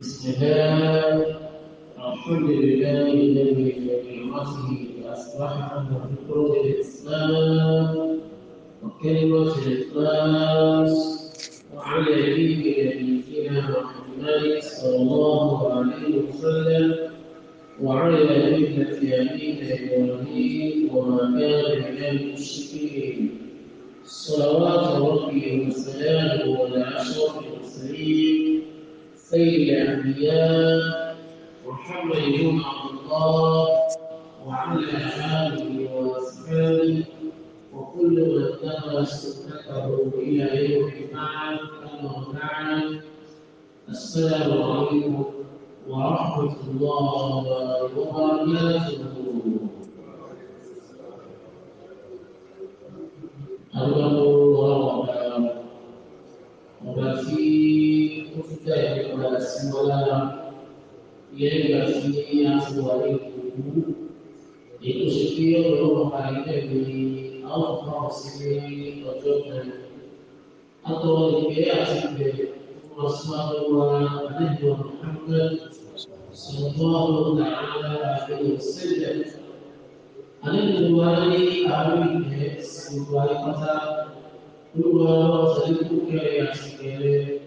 بسم الله الحمد لله الذي بنعمته اصبحنا بفروض الاسلام وكلمه الاخلاص وعلى يمين نبينا محمد صلى الله عليه وسلم وعلى يديك ابينا ابراهيم وما كان من المشركين صلوات ربي وسلامه على اشرف المرسلين سيد الأنبياء محمد بن عبد الله وعلى آله وأصحابه وكل من اتبع سنته إلى يوم البعث أما بعد السلام عليكم ورحمة الله وبركاته أولا semalam yang berfikir sebuah itu itu setiap rumah kita di Allah sendiri tercoba atau di pihak sendiri Rasulullah Nabi Muhammad Sallallahu Taala Alaihi Wasallam Ani dibuari awi dibuari kata dua orang sedikit kaya sekali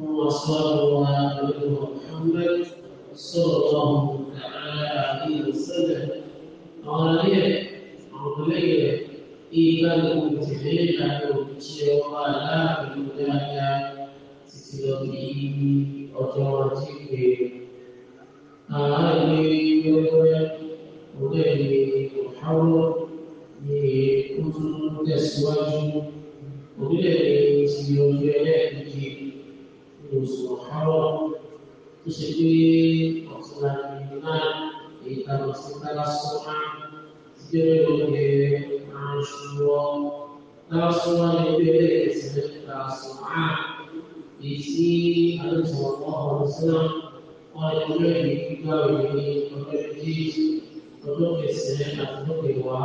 وصلوا على محمد صلى الله تعالى عليه وسلم عليه عليه إيمان المتحين على الشيوخ على المدعية سيدي أجواتك عليه وليه محرم ni kutu tẹsíwájú orílẹ̀-èdè ti ojú ẹlẹ́ẹ̀kejì itu semua haram itu sendiri maksudnya iman kita maksudnya rasulah sendiri oleh Rasulullah Rasulullah yang berbeda sendiri rasulah isi ada semua Allah oleh itu yang kita ini berjanji untuk kesenian atau kewa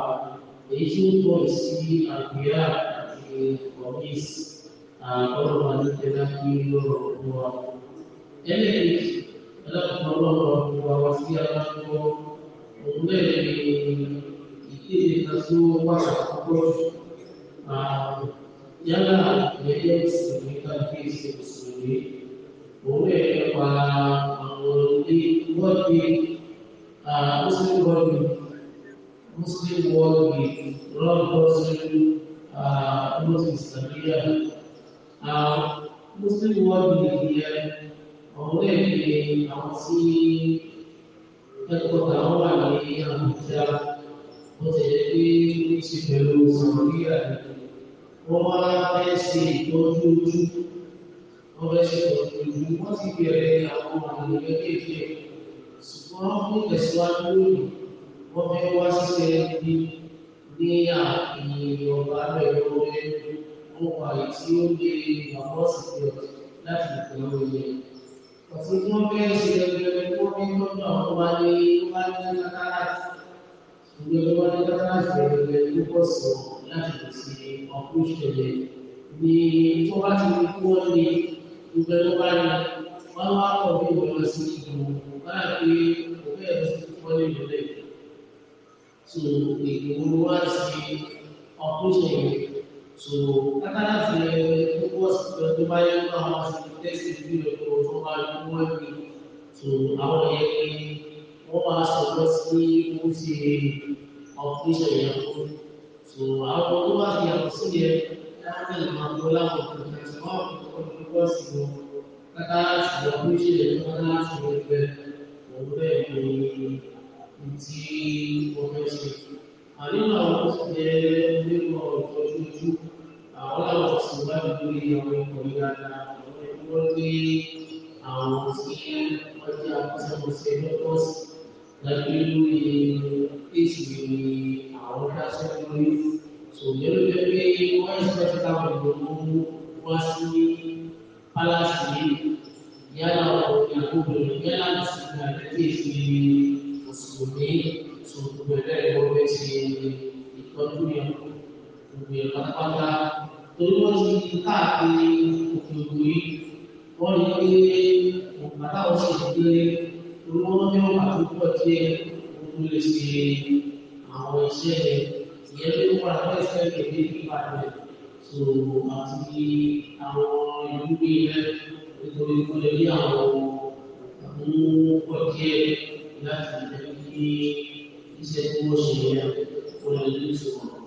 itu tuh isi al-Qur'an dan komis. ọlọ́run adéjọba kí lọ́rọ̀ fún wa. ẹlẹ́yìn ọlọ́run ọlọ́run fún wa wá sí aláṣọ òun náà ní ìkéde kan tí ó wà àkọ́kọ́ yálà ìyẹyẹ ìsinmi tàbí ìsinmi òun náà nípa àwọn ilé wọ́ọ̀dì muslim wọ́ọ̀dì muslim wọ́ọ̀dì rọ́ọ̀dọ́sí ọlọ́sìn ìsàmìlẹ̀ uh, Muslim world media ọ̀hún lè fi àwọn tí ẹ̀kọ́ táwọn wà ní Àbújá wọ́n ti lè fi ṣe pẹ̀lú Sàmúlíà wọ́n wá fẹ́ ṣe ìtọ́jú ojú wọ́n fẹ́ ṣe ìtọ́jú ojú wọ́n ti bẹ̀rẹ̀ àwọn àmì kéékèèké ṣùgbọ́n ní ìtẹ̀síwájú lónìí wọ́n fẹ́ wá ṣiṣẹ́ ní ní ààyè ọ̀gá rẹ̀ lórí ohun àyè tí ó lé ìwàmọ́ sílẹ̀ láti ìpínlẹ̀ oyè. ọ̀sẹ̀ tí wọ́n fẹ́ ṣe ẹgbẹ̀rẹ̀ tó ní lọ́nà ọ̀hún wá ní wá ní kátàláàtì. ìgbẹ́ wá ní kátàláàtì ẹgbẹ̀rẹ̀ tó pọ̀ sọ láti pèsè ọ̀pọ̀ ìṣẹ̀lẹ̀ ní tó bá ti ní kú wọ́n ní ìgbẹ́ tó bá ní wọ́n wá pọ̀ bí ìwọ̀n sí ìgbòho káàkiri òfẹ́ ẹ̀sìn So katakan saya fokus berjumpai sama sekitar sini atau sama semua ini. So awal ini orang fokus di musi official yang pun. So awal tu masih yang sini ya. Kami mengambil untuk semua untuk fokus itu. Kata sudah musi yang mana sudah ber mulai di di fokus. Hari ini aku sudah beri fokus àwọn àwọn ìṣèwádìí lórí àwọn ìkọ̀wé dáadáa àwọn ẹgbẹ́ lórí àwọn tí wọ́n jẹ́ akọ́ṣẹ́mọṣẹ́ lọ́kọ́sì lábẹ́ lórí èsì ní àwọn dáṣẹ́ lórí ṣòyẹ́ ló jẹ́ pé wọ́n ń ṣe láti táwọn ìgbòho wá sí pálásì yìí yálà ọkùnrin àkóbìnrin yálà mùsùlùmí àti èsì mùsùlùmí ṣòkòbẹ̀rẹ̀ ìwọ́n fẹ́ ṣe ìtọ́jú yẹn gbogbo ẹ̀ pátápátá torí wọ́n ti káàkiri òkè òkè yìí wọ́n rí pé bàtà wọn sì ti dé torí wọ́n ní wọn àti púpọ̀ díẹ̀ gbogbo lè ṣe àwọn iṣẹ́ rẹ̀ ìyẹn ló wà lọ́wọ́ ìṣẹ́ rẹ̀ ní ìbàdàn so àti láti lè fi iṣẹ́ tí wọ́n ṣe yẹn wọ́n lè ní ìṣòro.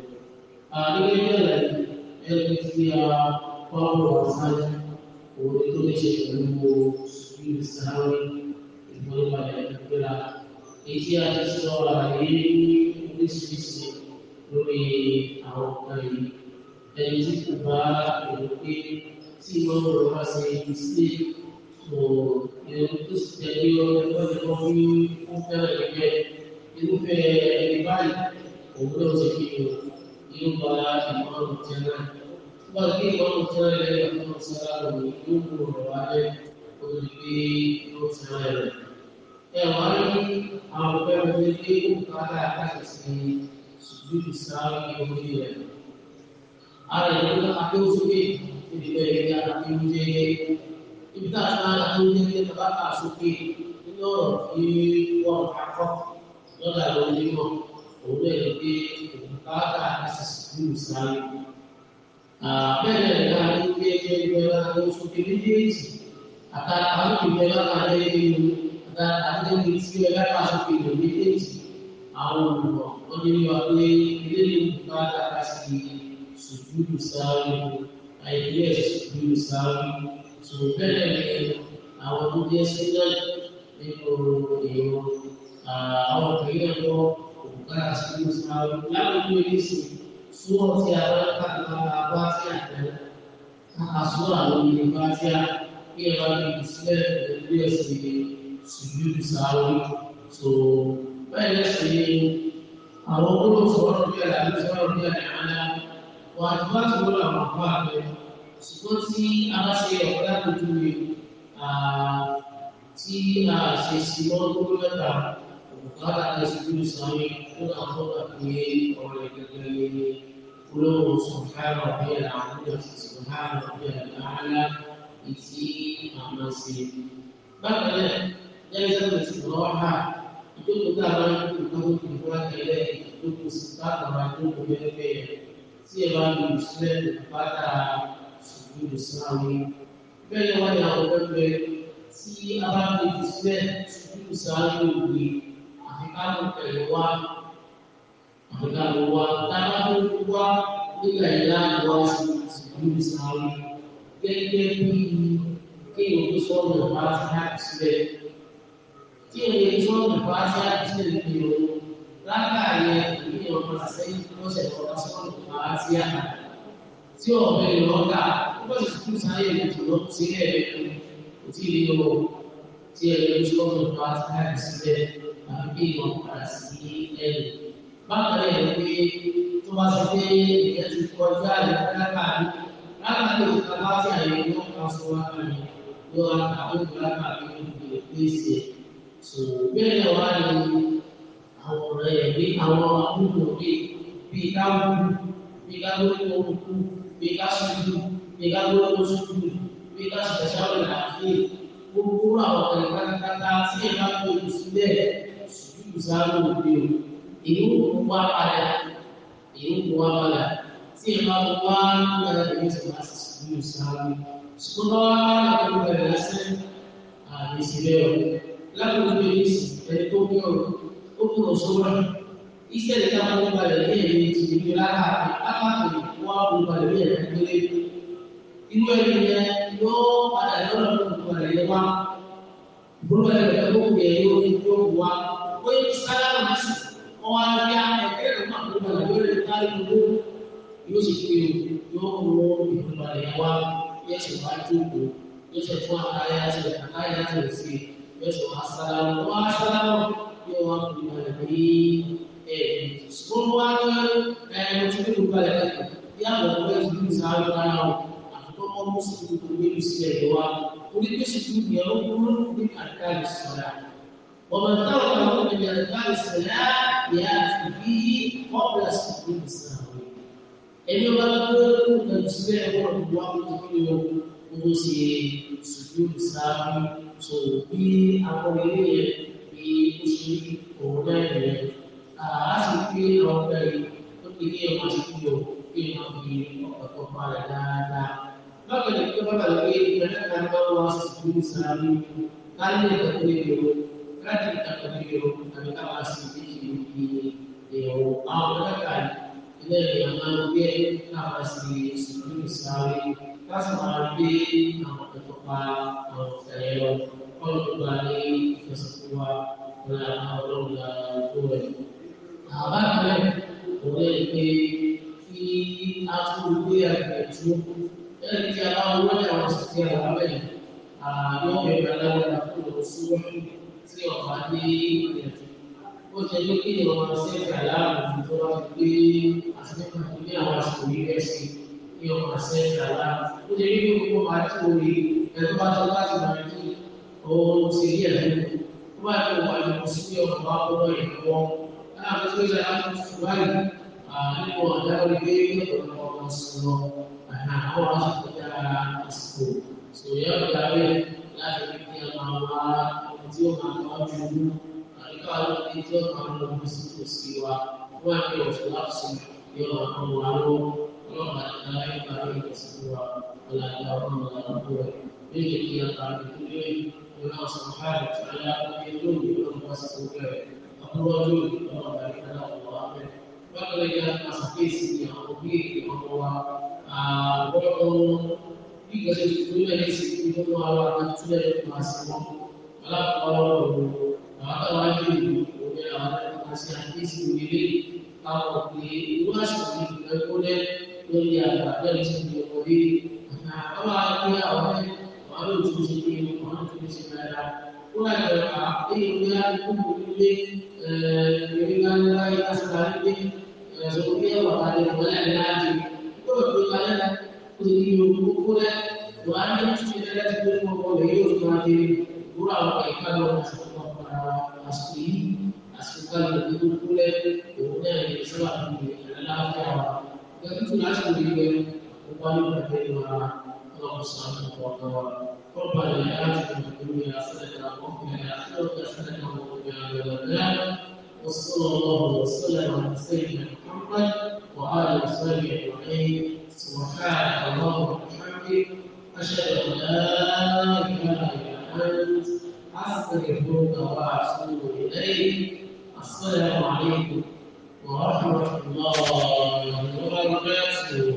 Ah, dia kena jalan Dia kena setia Kalau orang sahaja Oh, itu dia cakap menunggu Sekiranya sehari Dia boleh banyak bergerak lah. Isi ada seorang lagi Ini sisi Dari awak kali Dan isi kubah Dari si mahu berfasa Isi So, oh, dia itu setiap dia Dia boleh berfasa Kumpulan lagi Dia boleh berfasa Kumpulan lagi Kumpulan oh, lagi yóò bá ìmọ̀ràn tẹ́ náà. Tó bá gbé ìmọ̀ràn tẹ́ náà lẹ́yìn ọ̀tún sára òní yóò kú ọ̀rọ̀ wálẹ̀ olùgbé yóò tẹ́ náà rẹ̀. Ẹ wá ní àwọn ọ̀pẹ́ omi gbé òkúta láti sin sùdúrù sáré orí rẹ̀. Ara ìlú Adéwòsókè níbi bẹ́ẹ̀ ní Adéwòjẹ́ ibi tá a sá Adéwòjẹ́ ní bàbá kà sókè nínú ọ̀rọ̀ kí wọ́n kakọ́ lọ́dà lórí mọ̀ òun náà ló dé òun. kata asas dulu sekali. Ah, apa yang dah lalu dia bela tu sukir dia isi. Ata kami bela pada ini. Ata kami yang isi bela pasuk ini dia isi. Kan, aku buat. Oh jadi waktu ini dia buka kata asas sujud sekali. Ayat dulu sekali. Supaya dia awak dia sila itu itu awak dia tu agbára sí ní oṣù àwọn láwùjọ ìṣe súwọ́ tí a bá ká lára bá sí àtẹ̀wọ́ àkàsọ́ àwọn ìlú bá sí a kí ẹ bá lè fi sílẹ̀ ẹgbẹ́ ẹ̀sìn sùdúrù sáré tó bẹ́ẹ̀ lẹ́sìn àwọn gbọ́dọ̀ sọ̀rọ̀ bí ẹ̀rọ àti sọ̀rọ̀ bí ẹ̀rọ àná wà ti a ṣe sí lọ́dún mẹ́ta قال على سبيل الصحيح ان اخوتكم وولدتني قلوب سبحان ربي العظيم سبحان ربي الاعلى isi amasi bákan náà yẹn sábà ìṣòro ọha ìjókòó tá a máa ń kó ìkókó ìfúra kẹlẹ ìjókòó síta àwọn àjókòó mẹfẹ tí ẹ bá lò sílẹ̀ ìpàdà sùkúrù sáwé bẹ́ẹ̀ ni wọn yà wọn bẹbẹ tí a bá lò sílẹ̀ sùkúrù sáwé òwe. kánò pẹ̀lú wa àbúdá ló wá tábà tó wá nígbà ìlà ìwà ìsìnkú ìsàlù gẹ́gẹ́ bí kí o tó sọ̀rọ̀ ìwà ìsìnkú sílẹ̀ kí o lè sọ̀rọ̀ ìwà ìsìnkú sílẹ̀ kí o látàrí ìwé ọ̀pọ̀ sẹ́yìn lọ́sẹ̀ ọ̀pọ̀ sọ̀rọ̀ ìwà ìsìnkú tí ọ̀bẹ ìrọ̀gà ó bẹ̀rẹ̀ sùkúrù sáyé ìjùlọ sílẹ̀ kò tí ì lè lọ tí ẹ lè sọ̀rọ̀ ìwà ìsìnkú sílẹ̀ gbé wọn padà sí ẹ̀rù. Bákan náà yẹ pé tó bá ṣe pé ìyẹn ti kọjá ìdáká mi, lára ní òkúta bá ti àyè wọn kan sọ wá kan ní lọ àwọn ìgbàlá mi ní ìgbèrè pèsè. Sò bẹ́ẹ̀ ni wọ́n á lè àwọn ọ̀rẹ́ ẹ̀ ní àwọn àbúrò mi bíi káwọn bíi káwọn olùkú bíi káṣíjú bíi káwọn olùkú bíi káṣíjú gbogbo àwọn ọ̀rẹ́ pátápátá tí ẹ̀ bá kó ìsìláàmù òde o èyí ń kó wá padà èyí ń kó wá padà tí ẹ bá kó wá padà èyí tó bá sì sùn ní ìsìláàmù ṣùgbọ́n bá kó bẹ̀rẹ̀ lásán àmì ìsìlẹ̀ lákòókò èyí sì ẹni tó bí ọ̀rọ̀ ó kú lọ sọ́wọ́ ìta kó balẹ̀ ní èyí ti di bí lákàtà lákàtà wá kó balẹ̀ ní ẹ̀rọ ìgbélé irú ẹni yẹn yóò padà yọ̀rọ̀ kó balẹ̀ yẹn wá bulu yɛrɛ bɛ ko kɛ yɔrɔ ni ko wa ko e sara ma se ɔwɔ ali a ɛkɛ yɛrɛ ma ko ma yɔrɔ yɛrɛ ta yi ko yɔ si ko yɔ wɔ ìgbà yɛ wa yɛ sɛ wa tó ko yɛ sɛ fún ata yɛ sɛ ata yɛ sɛ se yɛ sɛ wa sara lɔ wa sara lɔ yɛ wa ko ma yɛ ko yi ɛ sukulu wa yɛ ɛ mo ti ko ko ba yɛ yɛ a lɔ ko yɛ ti ko sa yɔ ka yɛ o ọmọ mùsùlùmí kò gbé lu sílẹ̀ yìí wá orí pèsè fún ìyẹn ó kúrò ní àdáyé sọ̀rọ̀ ọmọ táwọn àwọn ọmọdé àdáyé sọ̀rọ̀ yà á ti bí ọ̀pọ̀ àsìkò ìsìlámù ẹni ọba lọ́wọ́ ló ń gbẹ̀lú sílẹ̀ wọ́n lù wá lójú kí o owó ṣe sùdúrù ìsìlámù tó bí akọ̀wé yẹn bí ó ṣe òun náà yẹn àá sì gbé àwọn yìí tó máa Maka jika kita pakai lagi, kita nak kan bawa sebuah sehari Kali yang tak berdiri Kali yang tak berdiri Kami tak masih di sini Dia mau katakan Ini yang mana dia Tak masih sebuah sehari Pas mahali Nama ketepat Kalau saya Kalau kembali ke sebuah Kelak Allah dan Tuhan Abang boleh di aku dia kecuh yẹ́nì kí aláwọ̀ lọ́jà wọn ti di ẹ̀rọ abẹ́yẹ àwọn obìnrin aláwọ̀ àkókò sí wọn tí ọ̀fà dé ilẹ̀ ó jẹ́ pé kí ni wọn ṣe ń kàlá àwọn tó wá fi gbé àtúntò ní àwọn àsìkò yìí rẹ̀ sí ní ọkọ̀ ṣe ń kàlá ó jẹ́ pé kí wọ́n máa tó rí ẹ̀tọ́ bá tó láti máa tó ọ̀hún ti rí ẹ̀dùn ó máa tó wà lóko sí pé ọkọ̀ wa kọ́ ìrànwọ́ láàbùkù ìlànà tó wáyé àwọn ọ̀dà orí gbé ọ̀pọ̀lọpọ̀ sọ̀rọ̀ หาว่าเขาจะมาสู่สุยาเป็นนักเรียนมาว่าคนที่มาเข้าจุดนั้นก็ที่จะมาลงมือสู่สิวะว่าเขาจะรับสิ่งที่เราต้องรับรู้ก็มาได้ไปเรียนสิวะเวลาเราต้องมาดูเรื่องที่เราต้องดูเราสัมผัสจะได้ไปดูเรื่องความสุขเลยขอบคุณที่เราได้รับความรู้ว่าเราจะมาสกิสิ่งที่เราต้องการ àgbọ̀n bí ìgbésẹ̀ tuntun yóò ní ìsìnkú tó mú àwọn akẹ́tìlẹ̀ máa sí wọn alákọ̀ọ́ ọ̀rọ̀ àwọn táwọn ajé ìlú òwe àwọn ẹ̀ka sí àkéésì ìwélé àwọn òkè irú àṣùwọ̀n ní ìgbà ìkólẹ̀ lórí àgbà bẹ́ẹ̀ ti di ọ̀wọ́lé àwọn akéwà àwọn àwọn olùtúnṣe ní àwọn olùtúnṣe náírà wọ́n á yọ àkéyìn ní àkókò nílé ẹ̀ẹ́dẹ́gbẹ̀rún láyé àti àrídé يعطي لنا كل وقولا وأن تشمل ذلك بالمقولين وتعطي قرى وكيفان أصلي أصلي بالمقولة وهنا يسمع بالعافية وكيف العسل بالمقولة وقالوا بكلمة الله سبحانه وتعالى ربنا آتنا في الدنيا حسنة وفي الآخرة حسنة وقنا عذاب النار وصلى الله وسلم على سيدنا محمد وقال يصلي عليه سبحانك الله وبحمدك أشهد أن لا إله إلا أنت أستغفرك وأتوب إليك السلام عليكم ورحمة الله وبركاته